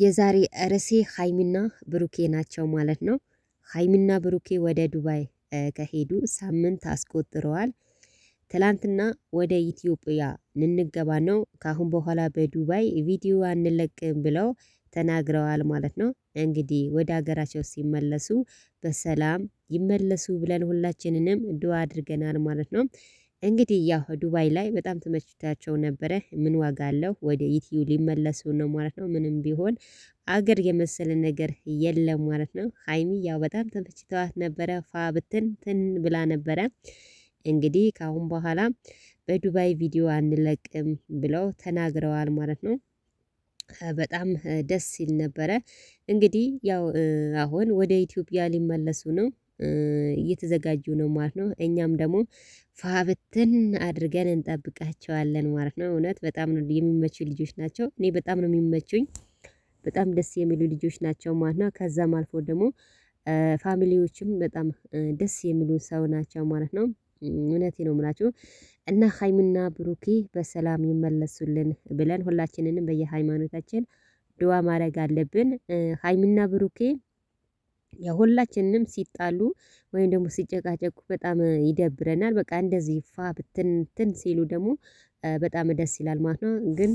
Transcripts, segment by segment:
የዛሬ እርሴ ሀይሚና ብሩኬ ናቸው ማለት ነው። ሀይሚና ብሩኬ ወደ ዱባይ ከሄዱ ሳምንት አስቆጥረዋል። ትላንትና ወደ ኢትዮጵያ እንገባ ነው፣ ከአሁን በኋላ በዱባይ ቪዲዮ አንለቅም ብለው ተናግረዋል ማለት ነው። እንግዲህ ወደ ሀገራቸው ሲመለሱ በሰላም ይመለሱ ብለን ሁላችንንም ዱዓ አድርገናል ማለት ነው። እንግዲህ ያው ዱባይ ላይ በጣም ተመችቷቸው ነበረ። ምን ዋጋ አለው ወደ ኢትዩ ሊመለሱ ነው ማለት ነው። ምንም ቢሆን አገር የመሰለ ነገር የለም ማለት ነው። ሀይሚ ያው በጣም ተመችተዋት ነበረ። ፋ ብትን ትን ብላ ነበረ። እንግዲህ ከአሁን በኋላ በዱባይ ቪዲዮ አንለቅም ብለው ተናግረዋል ማለት ነው። በጣም ደስ ሲል ነበረ። እንግዲህ ያው አሁን ወደ ኢትዮጵያ ሊመለሱ ነው። እየተዘጋጁ ነው ማለት ነው። እኛም ደግሞ ፋብትን አድርገን እንጠብቃቸዋለን ማለት ነው። እውነት በጣም ነው የሚመቹ ልጆች ናቸው። እኔ በጣም ነው የሚመቹኝ። በጣም ደስ የሚሉ ልጆች ናቸው ማለት ነው። ከዛም አልፎ ደግሞ ፋሚሊዎችም በጣም ደስ የሚሉ ሰው ናቸው ማለት ነው። እውነቴ ነው የምላችሁ እና ሀይሚና ብሩኬ በሰላም ይመለሱልን ብለን ሁላችንንም በየሃይማኖታችን ድዋ ማድረግ አለብን። ሀይሚና ብሩኬ የሁላችንም ሲጣሉ ወይም ደግሞ ሲጨቃጨቁ በጣም ይደብረናል። በቃ እንደዚህ ፋ ብትንትን ሲሉ ደግሞ በጣም ደስ ይላል ማለት ነው። ግን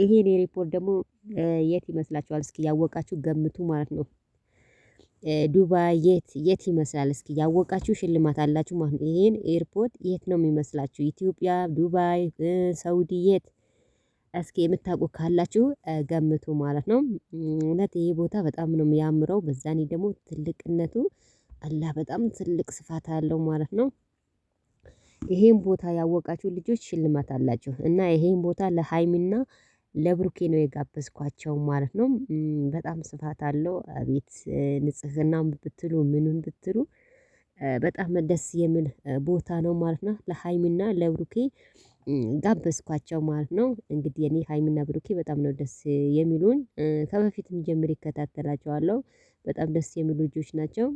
ይሄን ሪፖርት ደግሞ የት ይመስላችኋል? እስኪ ያወቃችሁ ገምቱ ማለት ነው። ዱባይ የት የት ይመስላል? እስኪ ያወቃችሁ ሽልማት አላችሁ ማለት ነው። ይሄን ኤርፖርት የት ነው የሚመስላችሁ? ኢትዮጵያ፣ ዱባይ፣ ሳውዲ የት እስኪ የምታውቁ ካላችሁ ገምቱ ማለት ነው። እውነት ይሄ ቦታ በጣም ነው የሚያምረው። በዛኔ ደግሞ ትልቅነቱ አላህ በጣም ትልቅ ስፋት አለው ማለት ነው። ይሄን ቦታ ያወቃችሁ ልጆች ሽልማት አላችሁ እና ይሄን ቦታ ለሀይሚና ለብሩኬ ነው የጋበዝኳቸው ማለት ነው። በጣም ስፋት አለው። አቤት ንጽህናም ብትሉ ምኑን ብትሉ በጣም ደስ የሚል ቦታ ነው ማለት ነው። ለሀይሚና ለብሩኬ ጋበዝኳቸው ማለት ነው። እንግዲህ የኔ ሀይሚና ብሩኬ በጣም ነው ደስ የሚሉኝ ከበፊትም ጀምር ይከታተላቸዋለሁ። በጣም ደስ የሚሉ ልጆች ናቸው።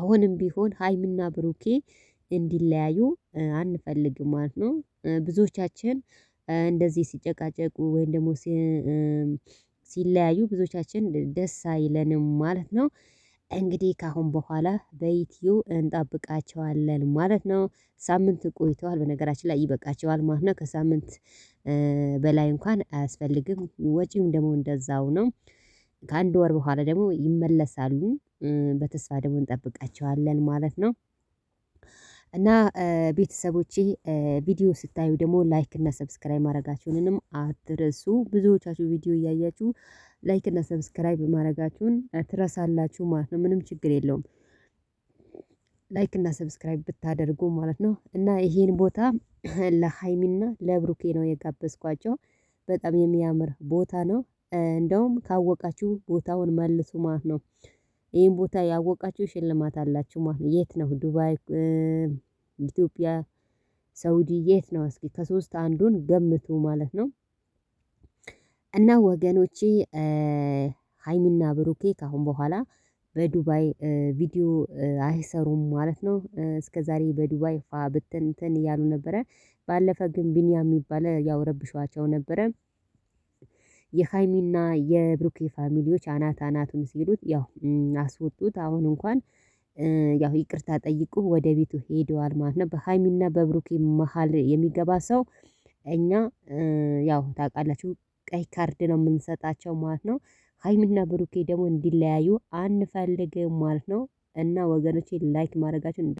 አሁንም ቢሆን ሀይሚና ብሩኬ እንዲለያዩ አንፈልግም ማለት ነው። ብዙዎቻችን እንደዚህ ሲጨቃጨቁ ወይም ደግሞ ሲለያዩ ብዙዎቻችን ደስ አይለንም ማለት ነው እንግዲህ ከአሁን በኋላ በኢትዮ እንጠብቃቸዋለን ማለት ነው። ሳምንት ቆይተዋል በነገራችን ላይ ይበቃቸዋል ማለት ነው። ከሳምንት በላይ እንኳን አያስፈልግም ወጪም ደግሞ እንደዛው ነው። ከአንድ ወር በኋላ ደግሞ ይመለሳሉ። በተስፋ ደግሞ እንጠብቃቸዋለን ማለት ነው እና ቤተሰቦቼ ቪዲዮ ስታዩ ደግሞ ላይክ እና ሰብስክራይብ ማድረጋችሁንንም አትርሱ። ብዙዎቻችሁ ቪዲዮ እያያችሁ ላይክ እና ሰብስክራይብ ማድረጋችሁን ትረሳላችሁ ማለት ነው። ምንም ችግር የለውም። ላይክ እና ሰብስክራይብ ብታደርጉ ማለት ነው። እና ይሄን ቦታ ለሀይሚና ለብሩኬ ነው የጋበዝኳቸው። በጣም የሚያምር ቦታ ነው። እንደውም ካወቃችሁ ቦታውን መልሱ ማለት ነው። ይህን ቦታ ያወቃችሁ ሽልማት አላችሁ ማለት ነው። የት ነው ዱባይ? ኢትዮጵያ ሳውዲ የት ነው? እስኪ ከሶስት አንዱን ገምቱ ማለት ነው። እና ወገኖቼ ሀይሚና ብሩኬ ካሁን በኋላ በዱባይ ቪዲዮ አይሰሩም ማለት ነው። እስከዛሬ በዱባይ ፋ ብትን እንትን እያሉ ነበረ። ባለፈ ግን ቢኒያም የሚባለ ያው ረብሸዋቸው ነበረ። የሃይሚና የብሩኬ ፋሚሊዎች አናት አናቱን ሲሉት ያው አስወጡት። አሁን እንኳን ያው ይቅርታ ጠይቁ ወደ ቤቱ ሄደዋል ማለት ነው። በሃይሚና በብሩኬ መሀል የሚገባ ሰው እኛ ያው ታውቃላችሁ ቀይ ካርድ ነው የምንሰጣቸው ማለት ነው። ሃይሚና ብሩኬ ደግሞ እንዲለያዩ አንፈልግም ማለት ነው። እና ወገኖቼ ላይክ ማድረጋችሁ